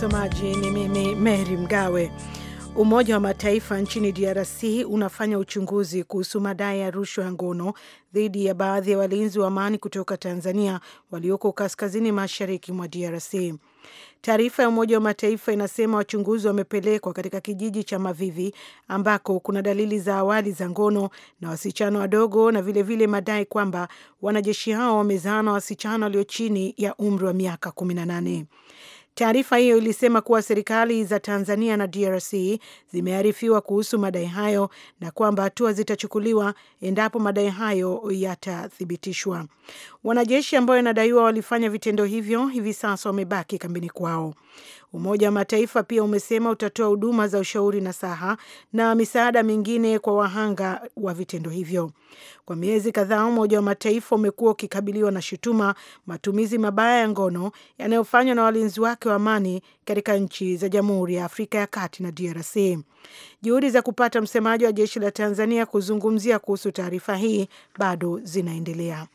Msomaji ni mimi Mary Mgawe. Umoja wa Mataifa nchini DRC unafanya uchunguzi kuhusu madai ya rushwa ya ngono dhidi ya baadhi ya walinzi wa amani kutoka Tanzania walioko kaskazini mashariki mwa DRC. Taarifa ya Umoja wa Mataifa inasema wachunguzi wamepelekwa katika kijiji cha Mavivi ambako kuna dalili za awali za ngono na wasichana wadogo na vilevile vile madai kwamba wanajeshi hao wamezaana wasichana walio chini ya umri wa miaka nane. Taarifa hiyo ilisema kuwa serikali za Tanzania na DRC zimearifiwa kuhusu madai hayo na kwamba hatua zitachukuliwa endapo madai hayo yatathibitishwa. Wanajeshi ambao inadaiwa walifanya vitendo hivyo hivi sasa wamebaki kambini kwao. Umoja wa Mataifa pia umesema utatoa huduma za ushauri na saha na misaada mingine kwa wahanga wa vitendo hivyo. Kwa miezi kadhaa, Umoja wa Mataifa umekuwa ukikabiliwa na shutuma matumizi mabaya ya ngono yanayofanywa na walinzi wake wa amani katika nchi za Jamhuri ya Afrika ya Kati na DRC. Juhudi za kupata msemaji wa jeshi la Tanzania kuzungumzia kuhusu taarifa hii bado zinaendelea.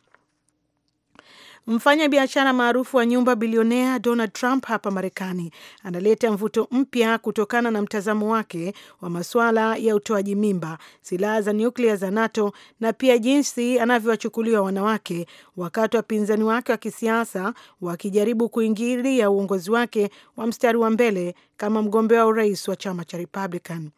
Mfanya biashara maarufu wa nyumba bilionea Donald Trump hapa Marekani analeta mvuto mpya kutokana na mtazamo wake wa masuala ya utoaji mimba, silaha za nyuklia za NATO na pia jinsi anavyowachukulia wanawake, wakati wapinzani wake wa kisiasa wakijaribu kuingilia uongozi wake wa mstari wa mbele kama mgombea wa urais wa chama cha Republican.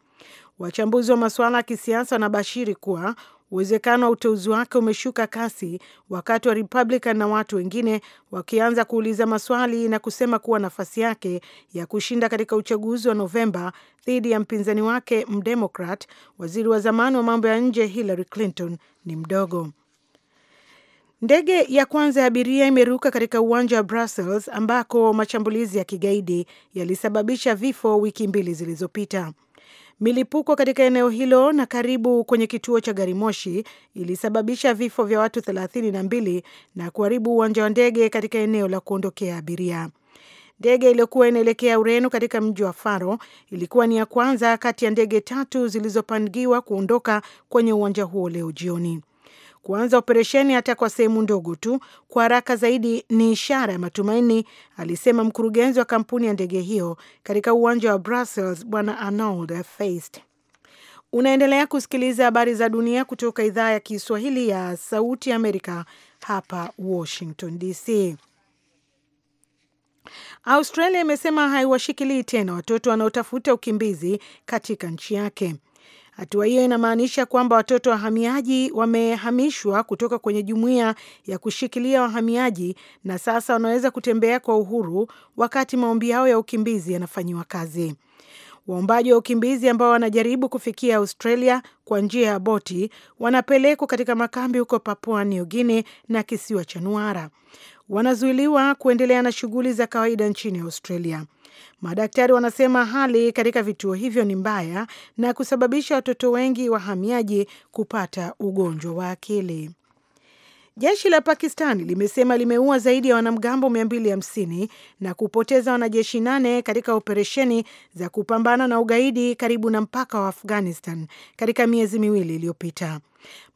Wachambuzi wa masuala ya kisiasa wanabashiri kuwa Uwezekano wa uteuzi wake umeshuka kasi wakati wa Republican na watu wengine wakianza kuuliza maswali na kusema kuwa nafasi yake ya kushinda katika uchaguzi wa Novemba dhidi ya mpinzani wake mdemokrat, waziri wa zamani wa mambo ya nje Hillary Clinton ni mdogo. Ndege ya kwanza ya abiria imeruka katika uwanja wa Brussels ambako mashambulizi ya kigaidi yalisababisha vifo wiki mbili zilizopita. Milipuko katika eneo hilo na karibu kwenye kituo cha gari moshi ilisababisha vifo vya watu na mbili na kuharibu uwanja wa ndege katika eneo la kuondokea abiria. Ndege iliyokuwa inaelekea Ureno katika mji wa Faro ilikuwa ni ya kwanza kati ya ndege tatu zilizopangiwa kuondoka kwenye uwanja huo leo jioni. Kuanza operesheni hata kwa sehemu ndogo tu kwa haraka zaidi ni ishara ya matumaini, alisema mkurugenzi wa kampuni ya ndege hiyo katika uwanja wa Brussels, Bwana Arnold Feist. Unaendelea kusikiliza habari za dunia kutoka idhaa ya Kiswahili ya Sauti Amerika, hapa Washington DC. Australia imesema haiwashikilii tena watoto wanaotafuta ukimbizi katika nchi yake. Hatua hiyo inamaanisha kwamba watoto wahamiaji wamehamishwa kutoka kwenye jumuiya ya kushikilia wahamiaji na sasa wanaweza kutembea kwa uhuru wakati maombi yao ya ukimbizi yanafanyiwa kazi. Waombaji wa ukimbizi ambao wanajaribu kufikia Australia kwa njia ya boti wanapelekwa katika makambi huko Papua New Guinea na kisiwa cha Nuara. Wanazuiliwa kuendelea na shughuli za kawaida nchini Australia. Madaktari wanasema hali katika vituo hivyo ni mbaya na kusababisha watoto wengi wahamiaji kupata ugonjwa wa akili. Jeshi la Pakistani limesema limeua zaidi ya wanamgambo 250 na kupoteza wanajeshi nane katika operesheni za kupambana na ugaidi karibu na mpaka wa Afghanistan katika miezi miwili iliyopita.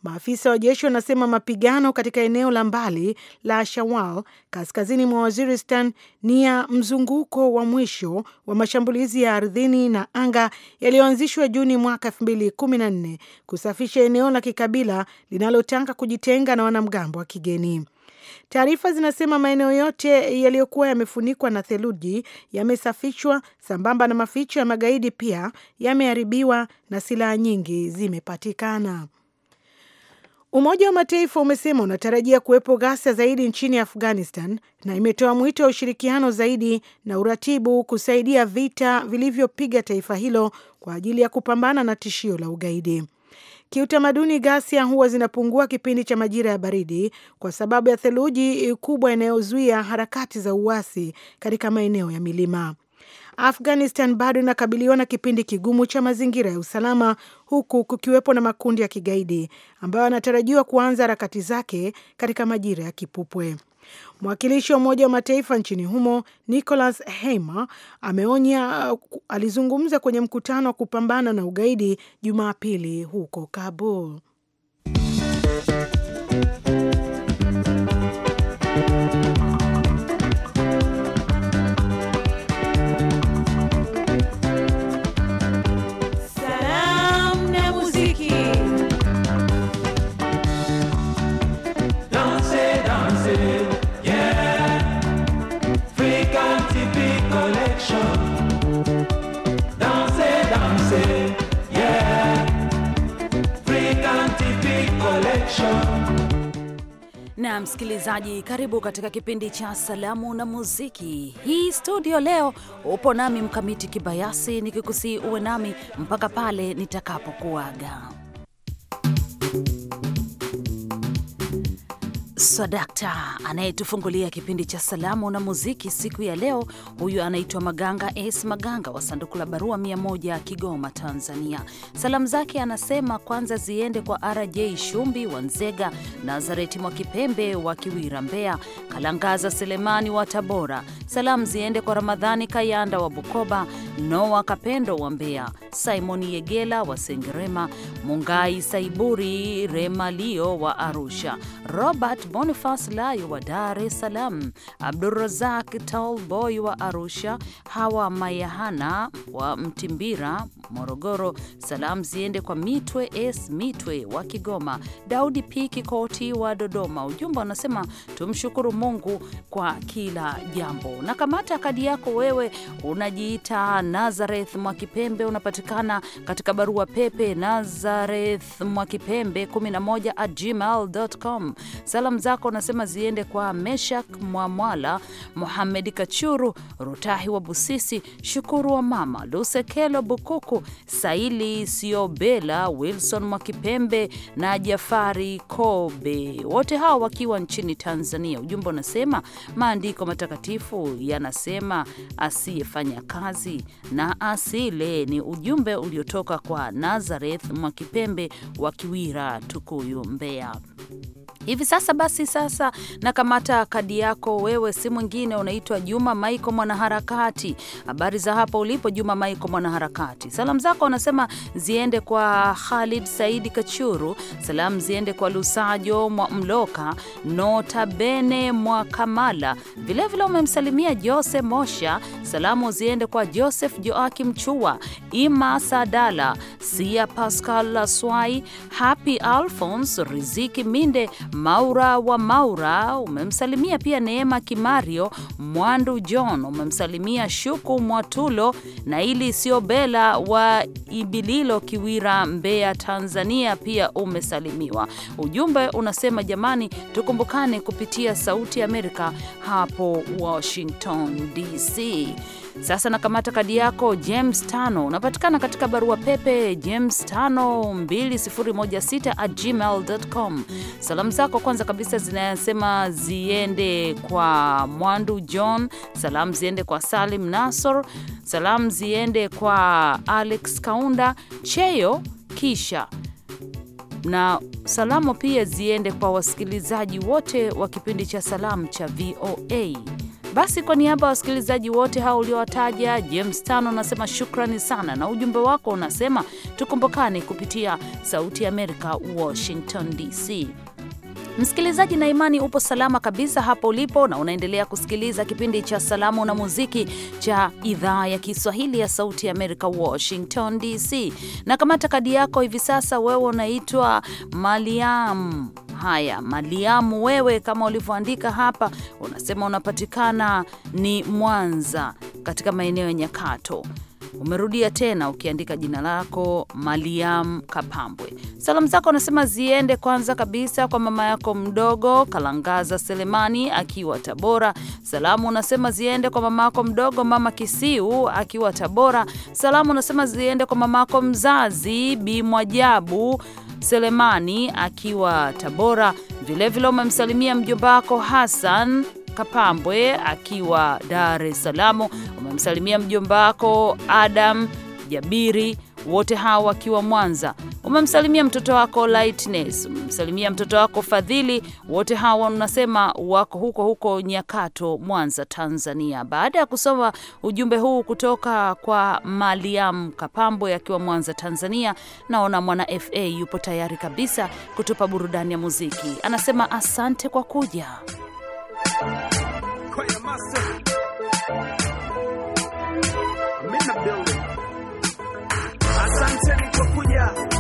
Maafisa wa jeshi wanasema mapigano katika eneo la mbali la Shawal kaskazini mwa Waziristan ni ya mzunguko wa mwisho wa mashambulizi ya ardhini na anga yaliyoanzishwa Juni mwaka 2014 kusafisha eneo la kikabila linalotaka kujitenga na wanamgambo wa kigeni. Taarifa zinasema maeneo yote yaliyokuwa yamefunikwa na theluji yamesafishwa, sambamba na maficho ya magaidi pia yameharibiwa na silaha nyingi zimepatikana. Umoja wa Mataifa umesema unatarajia kuwepo ghasia zaidi nchini Afghanistan na imetoa mwito wa ushirikiano zaidi na uratibu kusaidia vita vilivyopiga taifa hilo kwa ajili ya kupambana na tishio la ugaidi. Kiutamaduni, ghasia huwa zinapungua kipindi cha majira ya baridi kwa sababu ya theluji kubwa inayozuia harakati za uasi katika maeneo ya milima. Afghanistan bado inakabiliwa na kipindi kigumu cha mazingira ya usalama huku kukiwepo na makundi ya kigaidi ambayo yanatarajiwa kuanza harakati zake katika majira ya kipupwe. Mwakilishi wa Umoja wa Mataifa nchini humo Nicholas Heimer ameonya, alizungumza kwenye mkutano wa kupambana na ugaidi Jumapili huko Kabul. tena msikilizaji, karibu katika kipindi cha salamu na muziki. Hii studio leo upo nami Mkamiti Kibayasi, nikikusi uwe nami mpaka pale nitakapokuaga. Swadakta anayetufungulia kipindi cha salamu na muziki siku ya leo. Huyu anaitwa Maganga Es Maganga wa sanduku la barua 1 Kigoma, Tanzania. Salamu zake anasema kwanza ziende kwa RJ Shumbi wa Nzega, Nazareti mwa Kipembe wa Kiwira, Mbeya, Kalangaza Selemani wa Tabora. Salamu ziende kwa Ramadhani Kayanda wa Bukoba, Noa Kapendo wa Mbeya, Simoni Yegela wa Sengerema, Mungai Saiburi Remalio wa Arusha, Robert Bonifas Layo wa Dar es Salaam, Abdurazak Talboy wa Arusha, Hawa Mayahana wa Mtimbira, Morogoro. Salamu ziende kwa Mitwe S Mitwe wa Kigoma, Daudi P Kikoti wa Dodoma. Ujumbe wanasema tumshukuru Mungu kwa kila jambo. Na kamata kadi yako wewe, unajiita Nazareth Mwakipembe, unapatikana katika barua pepe Nazareth Mwakipembe 11 at gmail.com. Salamu zako unasema ziende kwa Meshak Mwamwala, Muhamed Kachuru, Rutahi wa Busisi, Shukuru wa Mama Lusekelo, Bukuku Saili Siobela, Wilson Mwakipembe na Jafari Kobe, wote hao wakiwa nchini Tanzania. Ujumbe unasema maandiko matakatifu yanasema asiyefanya kazi na asile. Ni ujumbe uliotoka kwa Nazareth Mwakipembe wa Kiwira, Tukuyu, Mbeya. Hivi sasa basi sasa nakamata kadi yako wewe, si mwingine, unaitwa Juma Maiko mwanaharakati. Habari za hapo ulipo Juma Maiko mwanaharakati. Salamu zako unasema ziende kwa Khalid Saidi Kachuru, salamu ziende kwa Lusajo mwa Mloka, Notabene mwa Kamala, vilevile umemsalimia Jose Mosha, salamu ziende kwa Joseph Joakim Chua, Ima Sadala, Sia Pascal Laswai, Happy Alphonse, Riziki Minde, Maura wa Maura, umemsalimia pia Neema Kimario, Mwandu John, umemsalimia Shuku Mwatulo na ili sio Bela wa Ibililo Kiwira, Mbeya, Tanzania, pia umesalimiwa. Ujumbe unasema jamani, tukumbukane kupitia Sauti ya Amerika hapo Washington DC. Sasa nakamata kadi yako James tano, unapatikana katika barua pepe James tano 2016 at gmail.com. Salamu zako kwanza kabisa zinasema ziende kwa Mwandu John, salamu ziende kwa Salim Nasor, salamu ziende kwa Alex Kaunda Cheyo kisha na salamu pia ziende kwa wasikilizaji wote wa kipindi cha salamu cha VOA. Basi kwa niaba ya wasikilizaji wote hao uliowataja, James Tano anasema shukrani sana, na ujumbe wako unasema tukumbukane kupitia Sauti ya Amerika, Washington DC. Msikilizaji na imani, upo salama kabisa hapo ulipo na unaendelea kusikiliza kipindi cha Salamu na Muziki cha idhaa ya Kiswahili ya Sauti ya Amerika, Washington DC. Na kamata kadi yako hivi sasa, wewe unaitwa Maliam haya. Maliamu, wewe kama ulivyoandika hapa, unasema unapatikana ni Mwanza katika maeneo ya Nyakato. Umerudia tena ukiandika jina lako Maliam Kapambwe. Salamu zako unasema ziende kwanza kabisa kwa mama yako mdogo Kalangaza Selemani akiwa Tabora. Salamu unasema ziende kwa mama yako mdogo mama Kisiu akiwa Tabora. Salamu unasema ziende kwa mama yako mzazi Bi Mwajabu Selemani akiwa Tabora. Vilevile umemsalimia mjomba wako Hassan Kapambwe akiwa Dar es Salaam. Umemsalimia mjomba wako Adam Jabiri, wote hawa wakiwa Mwanza umemsalimia mtoto wako Lightness, umemsalimia mtoto wako Fadhili, wote hawa unasema wako huko huko Nyakato, Mwanza, Tanzania. Baada ya kusoma ujumbe huu kutoka kwa Maliam Kapambo akiwa Mwanza, Tanzania, naona mwana FA yupo tayari kabisa kutupa burudani ya muziki. Anasema asante kwa kuja. kwa kuja.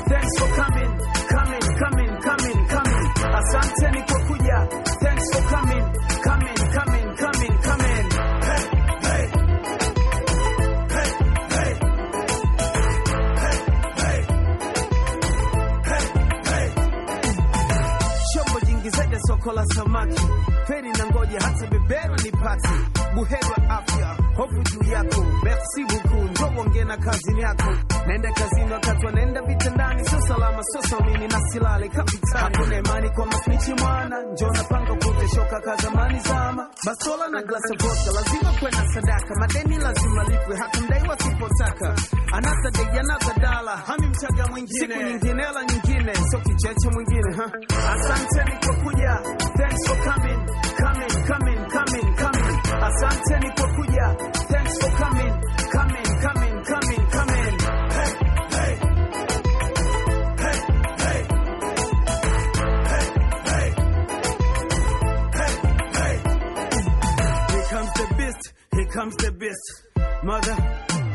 ongezeka soko la samaki, feri na ngoja hata beberu nipati, buherwa afya hofu juu yako, merci beaucoup, njo uongee na kazini yako. Naenda kazini wakati wanaenda vitandani, sio salama, sio saumini na silale kapitani. Hakuna imani kwa masnichi mwana, njo napanga kuteshoka ka zamani zama, basola na glasa vodka lazima kwenda sadaka, madeni lazima lipwe, hata mdaiwa sipotaka another day dala, dollar, hami mchaga mwingine, siku nyingine ala nyingine, sio kicheche mwingine ha? Asanteni kuja, thanks for coming, coming, coming, coming, coming. Asanteni kwa kuja, thanks for coming, coming, coming, coming, coming. Hey, hey. Hey, hey. Hey, hey. Here comes the best. here comes the beast. Mother,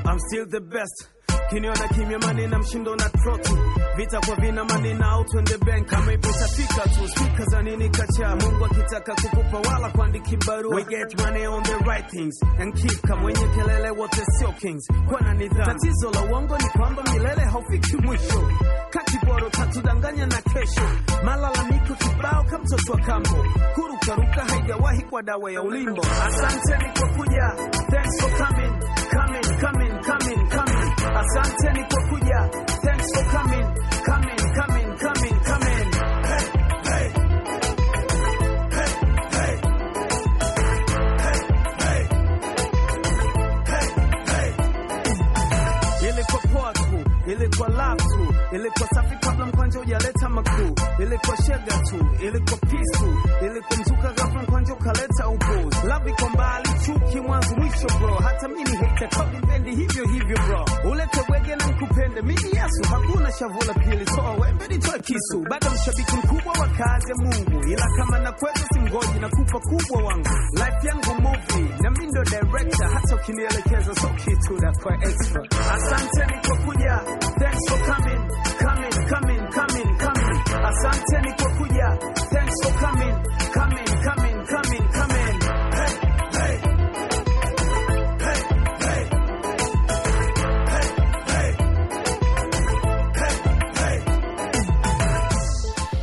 I'm still the best. kiniona kimya mani na mshindo na trotu vita kwa vina mani na auto in the bank kama ipo tafika tu spika za nini kacha Mungu akitaka kukupa wala kuandiki barua we get money on the right things and keep kama wenye kelele wote sio kings kwa na nidhamu tatizo la uongo ni kwamba milele haufiki mwisho kakiboro tatudanganya na kesho malalamiko kibao kamtoto wa kambo kurukaruka haijawahi kwa dawa ya ulimbo asante kwa kuja thanks for coming coming coming coming asanteni kwa kuja thanks for coming coming coming coming coming hey, hey. Hey, hey. Hey, hey. Hey, hey. poa tu, ilikuwa lafu Ilikuwa safi kabla mkwanja hujaleta makuu, ilikuwa shega tu, ilikuwa pisu, ilikuwa mzuka ghafla mkwanja ukaleta upo labi kwa mbali, chuki mwanzo mwisho bro, hata mimi hate kabipendi hivyo hivyo bro, ulete wege na mkupende mimi Yesu, hakuna shavula pili, toa wembe nitoe kisu, bado mshabiki mkubwa wa kazi ya Mungu, ila kama na kwetu simgoji na kupa kubwa wangu, life yangu movie na mimi director, hata ukinielekeza so kitu na kwa extra. Asanteni kwa kuja, thanks for coming coming, coming. Asanteni kwa kuja. Thanks for coming, coming, coming, coming, coming.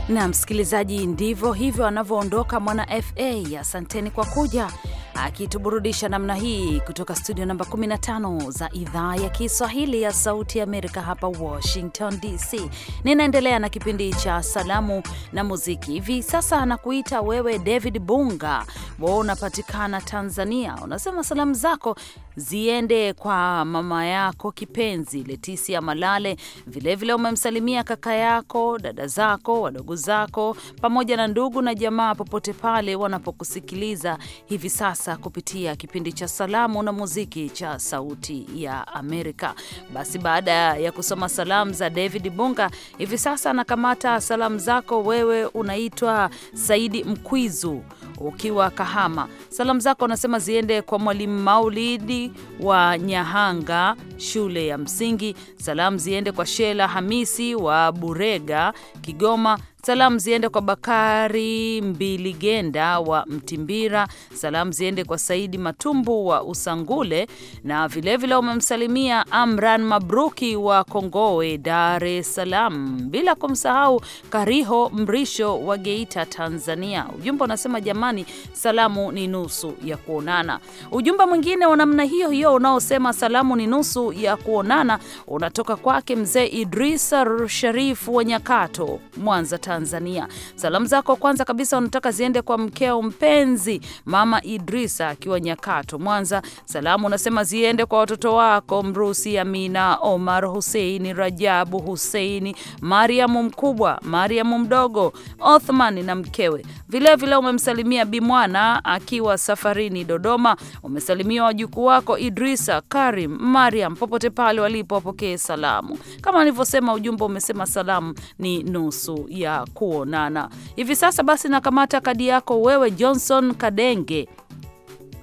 Na msikilizaji, ndivyo hivyo anavyoondoka mwana FA. Asanteni kwa kuja akituburudisha namna hii kutoka studio namba 15 za idhaa ya Kiswahili ya Sauti ya Amerika hapa Washington DC. Ninaendelea na kipindi cha salamu na muziki. Hivi sasa nakuita wewe David Bunga, wa unapatikana Tanzania. Unasema salamu zako ziende kwa mama yako kipenzi Letisia Malale, vilevile umemsalimia kaka yako, dada zako, wadogo zako, pamoja na ndugu na jamaa popote pale wanapokusikiliza hivi sasa sasa kupitia kipindi cha salamu na muziki cha Sauti ya Amerika. Basi baada ya kusoma salamu za David Bunga, hivi sasa anakamata salamu zako. Wewe unaitwa Saidi Mkwizu ukiwa Kahama. Salamu zako anasema ziende kwa Mwalimu Maulidi wa Nyahanga shule ya msingi. Salamu ziende kwa Shela Hamisi wa Burega Kigoma. Salamu ziende kwa Bakari Mbiligenda wa Mtimbira. Salamu ziende kwa Saidi Matumbu wa Usangule, na vilevile umemsalimia Amran Mabruki wa Kongowe, Dar es Salaam, bila kumsahau Kariho Mrisho wa Geita, Tanzania. Ujumbe unasema jamani, salamu ni nusu ya kuonana. Ujumbe mwingine wa namna hiyo hiyo unaosema salamu ni nusu ya kuonana unatoka kwake mzee Idrisa Sharifu wa Nyakato, Mwanza, Tanzania. Tanzania. Salamu zako kwanza kabisa unataka ziende kwa mkeo mpenzi Mama Idrisa akiwa Nyakato, Mwanza. Salamu unasema ziende kwa watoto wako Mrusi, Amina, Omar Huseini, Rajabu Huseini, Mariamu mkubwa, Mariamu mdogo, Othman na mkewe. Vilevile umemsalimia Bimwana akiwa safarini Dodoma. Umesalimia wajukuu wako Idrisa, Karim, Mariam, popote pale walipo wapokee salamu. Kama nilivyosema, ujumbe umesema salamu ni nusu ya kuonana hivi sasa. Basi nakamata kadi yako wewe, Johnson Kadenge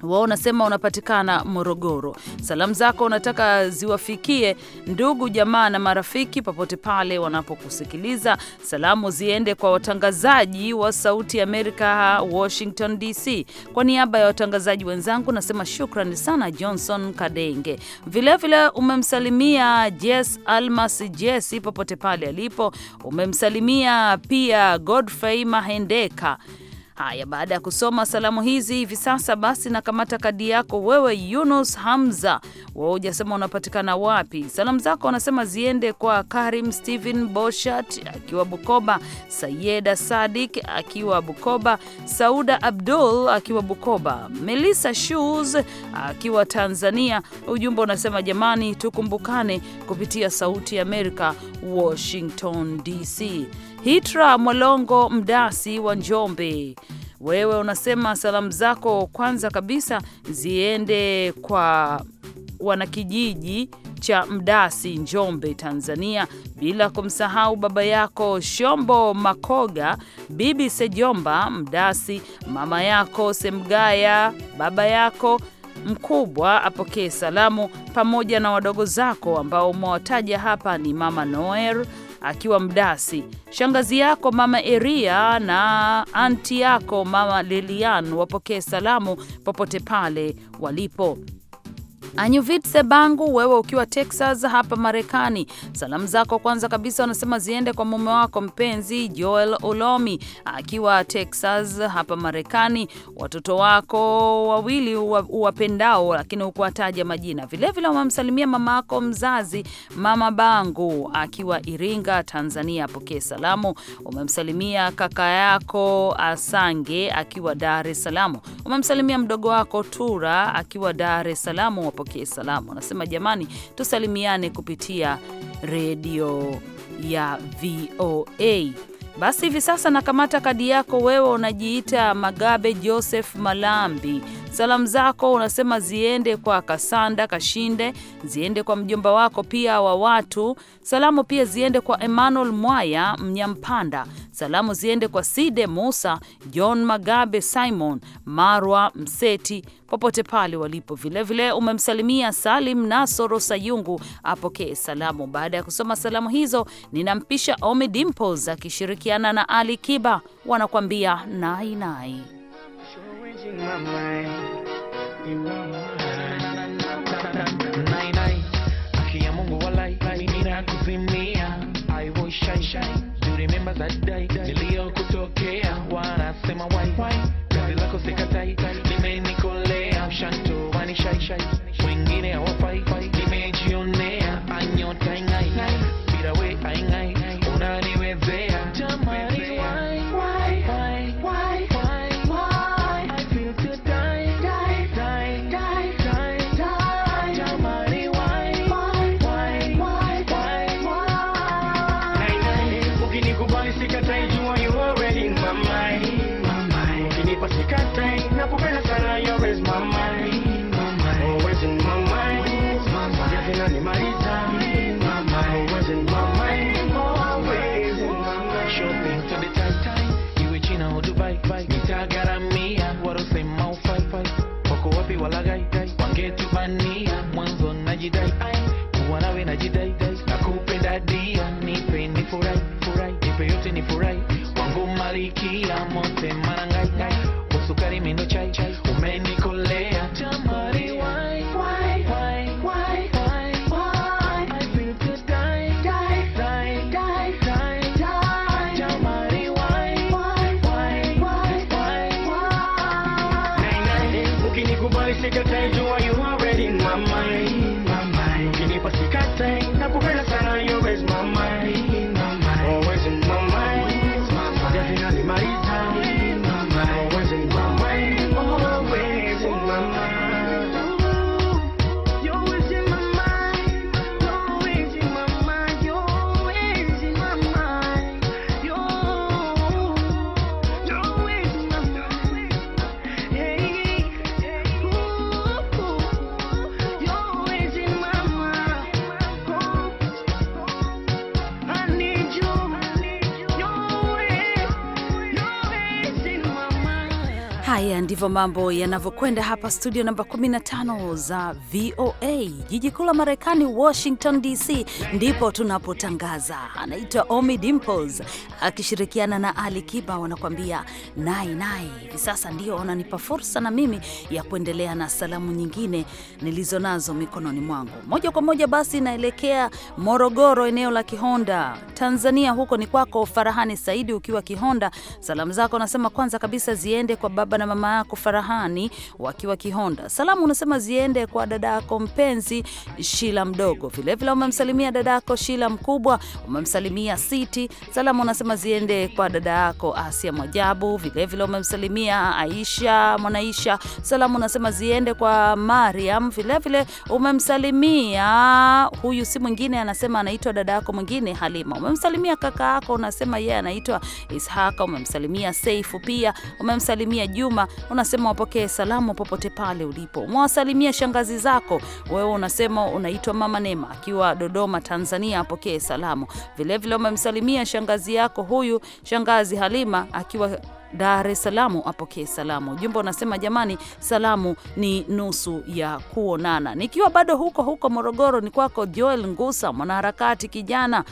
wao unasema unapatikana Morogoro. Salamu zako unataka ziwafikie ndugu jamaa na marafiki popote pale wanapokusikiliza. Salamu ziende kwa watangazaji wa Sauti Amerika Washington DC. Kwa niaba ya watangazaji wenzangu nasema shukrani sana Johnson Kadenge. Vilevile umemsalimia Jess Almas Jesi popote pale alipo. Umemsalimia pia Godfrey Mahendeka Haya, baada ya kusoma salamu hizi hivi sasa basi nakamata kadi yako wewe, Yunus Hamza, wewe hujasema unapatikana wapi. Salamu zako wanasema ziende kwa Karim stehen Boshat akiwa Bukoba, Sayeda Sadik akiwa Bukoba, Sauda Abdul akiwa Bukoba, Melissa Shoes akiwa Tanzania. Ujumbe unasema jamani, tukumbukane kupitia Sauti ya Amerika, Washington DC. Hitra Mwalongo Mdasi wa Njombe, wewe unasema salamu zako kwanza kabisa ziende kwa wanakijiji cha Mdasi, Njombe, Tanzania, bila kumsahau baba yako Shombo Makoga, bibi Sejomba Mdasi, mama yako Semgaya, baba yako mkubwa apokee salamu pamoja na wadogo zako ambao umewataja hapa ni Mama Noel, akiwa mdasi, shangazi yako mama Eria na anti yako mama Lilian wapokee salamu popote pale walipo. Anyuvit Bangu, wewe ukiwa Texas hapa Marekani, salamu zako kwanza kabisa unasema ziende kwa mume wako mpenzi Joel Olomi akiwa Texas hapa Marekani, watoto wako wawili uwapendao, lakini hukuwataja majina. Vilevile wamemsalimia mama yako mzazi Mama Bangu akiwa Iringa, Tanzania, apokee salamu. Umemsalimia kaka yako Asange akiwa Dar es Salaam. Umemsalimia mdogo wako Tura akiwa Dar es Salaam wapokee salamu. Anasema jamani, tusalimiane kupitia redio ya VOA. Basi hivi sasa nakamata kadi yako wewe, unajiita Magabe Joseph Malambi Salamu zako unasema ziende kwa Kasanda Kashinde, ziende kwa mjomba wako pia wa watu. Salamu pia ziende kwa Emmanuel Mwaya Mnyampanda. Salamu ziende kwa Side Musa, John Magabe, Simon Marwa Mseti popote pale walipo. Vilevile umemsalimia Salim Nasoro Sayungu, apokee salamu. Baada ya kusoma salamu hizo, ninampisha Omi Dimples akishirikiana na Ali Kiba wanakuambia wanakwambia nainai. Kuzimia I was shy shy, do remember that day niliyokutokea, wanasema wai kazi lako sikatai, limenikolea mshanto wani I'm amo, my Haya ndivyo mambo yanavyokwenda hapa studio namba 15 za VOA, jiji kuu la Marekani, Washington DC, ndipo tunapotangaza. Anaitwa Omi Dimples akishirikiana na Ali Kiba wanakuambia nai nai. Hivi sasa ndio wananipa fursa na mimi ya kuendelea na salamu nyingine nilizonazo mikononi mwangu. Moja kwa moja basi naelekea Morogoro, eneo la Kihonda, Tanzania. Huko ni kwako Farahani Saidi, ukiwa Kihonda. Salamu zako nasema kwanza kabisa ziende kwa baba na mama yako Farahani wakiwa Kihonda. Salamu unasema ziende kwa dadako mpenzi Shila mdogo, vilevile umemsalimia dadako Shila mkubwa, umemsalimia Siti. Salamu unasema ziende kwa dada yako Asia Mwajabu, vilevile umemsalimia Aisha Mwanaisha. Salamu unasema ziende kwa Mariam, vilevile umemsalimia huyu si mwingine, anasema anaitwa dada yako mwingine Halima. Umemsalimia kaka yako, unasema yeye anaitwa Ishaka. Umemsalimia Seifu, pia umemsalimia Juma Juma unasema wapokee salamu popote pale ulipo, mwasalimia shangazi zako. Wewe unasema unaitwa Mama Nema akiwa Dodoma, Tanzania, apokee salamu vilevile. Umemsalimia shangazi yako huyu, shangazi Halima akiwa Dar es Salaam apokee salamu. Jumba unasema jamani, salamu ni nusu ya kuonana. Nikiwa bado huko huko Morogoro, ni kwako Joel Ngusa, mwanaharakati kijana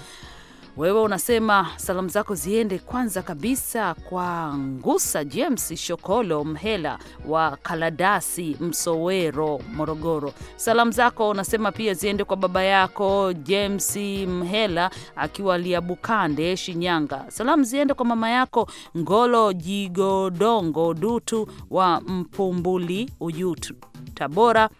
wewe unasema salamu zako ziende kwanza kabisa kwa Ngusa James Shokolo Mhela wa Kaladasi, Msowero, Morogoro. Salamu zako unasema pia ziende kwa baba yako James Mhela akiwa Liabukande, Shinyanga. Salamu ziende kwa mama yako Ngolo Jigodongo Dutu wa Mpumbuli, Ujutu, Tabora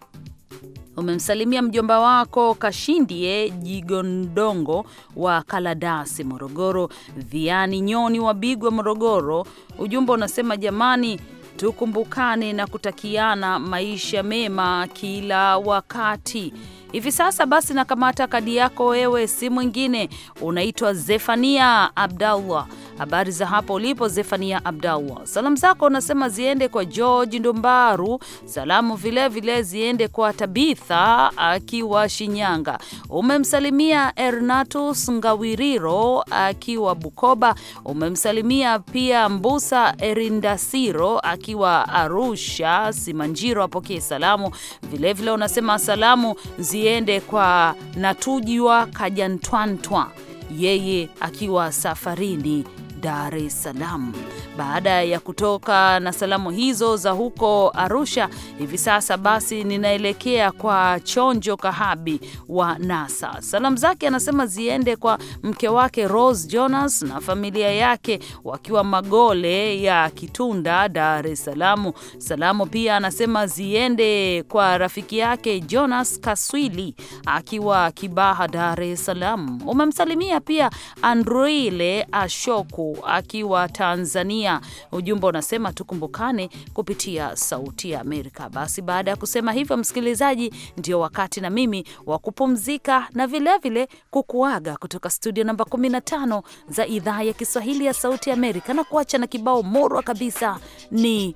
umemsalimia mjomba wako Kashindie Jigondongo wa Kaladasi, Morogoro, Viani Nyoni wa Bigwa, Morogoro. Ujumbe unasema jamani, tukumbukane na kutakiana maisha mema kila wakati. Hivi sasa basi, nakamata kadi yako wewe, si mwingine, unaitwa Zefania Abdallah Habari za hapo ulipo, Zefania Abdallah. Salamu zako unasema ziende kwa George Ndombaru, salamu vilevile vile ziende kwa Tabitha akiwa Shinyanga. Umemsalimia Ernatus Ngawiriro akiwa Bukoba. Umemsalimia pia Mbusa Erindasiro akiwa Arusha Simanjiro, apokee salamu vilevile vile unasema salamu ziende kwa Natujwa Kajantwantwa, yeye akiwa safarini Dar es Salaam. Baada ya kutoka na salamu hizo za huko Arusha, hivi sasa basi ninaelekea kwa Chonjo Kahabi wa NASA. Salamu zake anasema ziende kwa mke wake Rose Jonas na familia yake wakiwa Magole ya Kitunda, Dar es Salaam. Salamu pia anasema ziende kwa rafiki yake Jonas Kaswili akiwa Kibaha, Dar es Salaam. Umemsalimia pia Andrile Ashoku akiwa Tanzania. Ujumbe unasema tukumbukane kupitia Sauti ya Amerika. Basi baada ya kusema hivyo, msikilizaji, ndio wakati na mimi wa kupumzika na vilevile kukuaga kutoka studio namba 15 za idhaa ya Kiswahili ya Sauti ya Amerika na kuacha na kibao morwa kabisa. Ni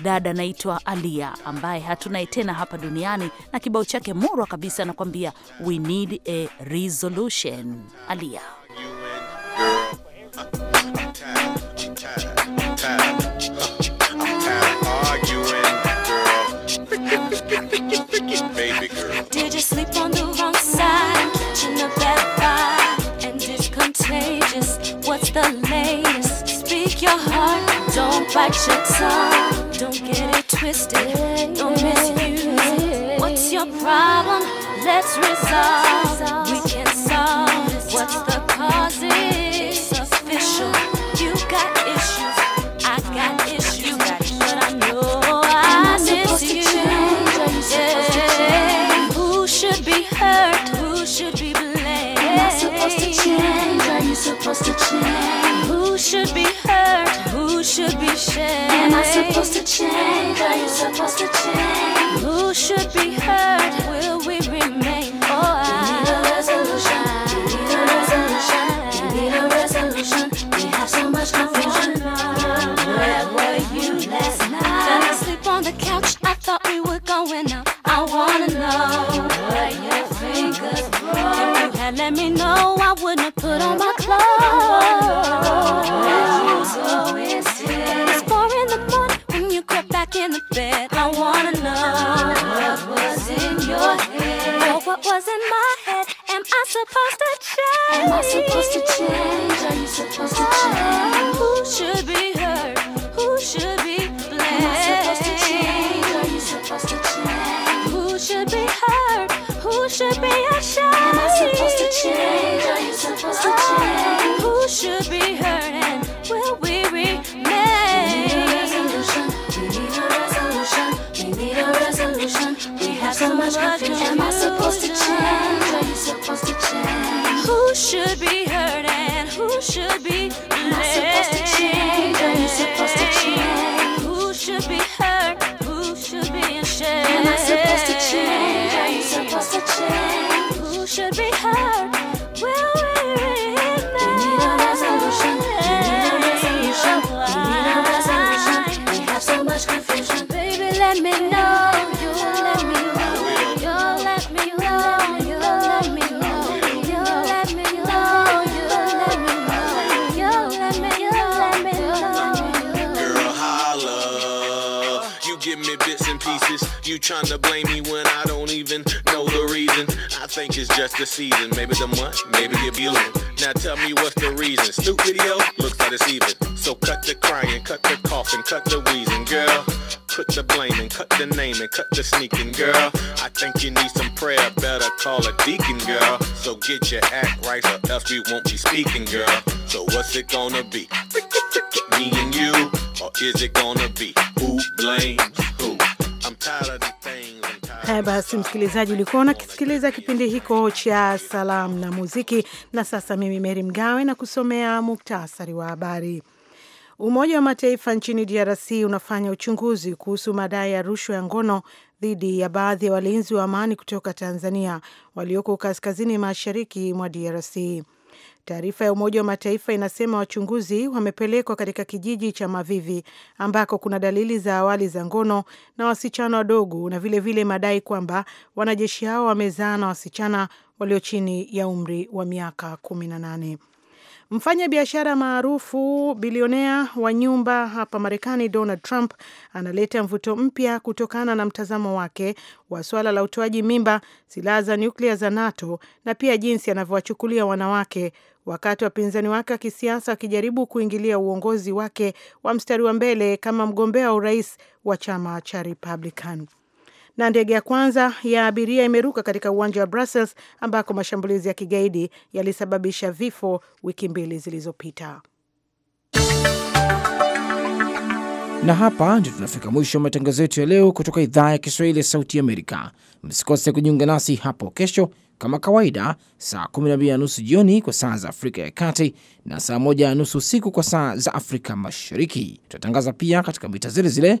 dada naitwa Alia ambaye hatunaye tena hapa duniani, na kibao chake morwa kabisa anakuambia we need a resolution. Alia Did you sleep on the wrong side? in the bad and it's contagious. What's the latest? Speak your heart, don't bite your tongue. Don't get it twisted, don't misuse What's your problem? Let's resolve. We can solve What's the cause? supposed to change? Who should be hurt? Who should be shamed? Am I supposed to change? Are you supposed to change? Who should be hurt? from my love. Am I so the season, maybe the month, maybe you be alone. Now tell me what's the reason. Snoop video looks like it's even. So cut the crying, cut the coughing, cut the wheezing, girl. Put the blaming, cut the naming, cut the sneaking, girl. I think you need some prayer, better call a deacon, girl. So get your act right, or else we won't be speaking, girl. So what's it gonna be? Me and you, or is it gonna be who blames who? I'm tired of the things. Haya eh, basi, msikilizaji, ulikuwa unakisikiliza kipindi hiko cha salamu na muziki, na sasa mimi Meri Mgawe na kusomea muktasari wa habari. Umoja wa Mataifa nchini DRC unafanya uchunguzi kuhusu madai ya rushwa ya ngono dhidi ya baadhi ya walinzi wa amani kutoka Tanzania walioko kaskazini mashariki mwa DRC. Taarifa ya Umoja wa Mataifa inasema wachunguzi wamepelekwa katika kijiji cha Mavivi ambako kuna dalili za awali za ngono na wasichana wadogo na vilevile vile madai kwamba wanajeshi hao wamezaa na wasichana walio chini ya umri wa miaka kumi na nane Mfanya biashara maarufu bilionea wa nyumba hapa Marekani, Donald Trump analeta mvuto mpya kutokana na mtazamo wake wa suala la utoaji mimba, silaha za nyuklia za NATO na pia jinsi anavyowachukulia wanawake, wakati wapinzani wake wa kisiasa wakijaribu kuingilia uongozi wake wa mstari wa mbele kama mgombea wa urais wa chama cha Republican na ndege ya kwanza ya abiria imeruka katika uwanja wa Brussels ambako mashambulizi ya kigaidi yalisababisha vifo wiki mbili zilizopita. Na hapa ndio tunafika mwisho wa matangazo yetu ya leo kutoka idhaa ya Kiswahili ya Sauti Amerika. Msikose kujiunga nasi hapo kesho kama kawaida, saa 12 na nusu jioni kwa saa za Afrika ya Kati na saa 1 na nusu usiku kwa saa za Afrika Mashariki. Tutatangaza pia katika mita zile zile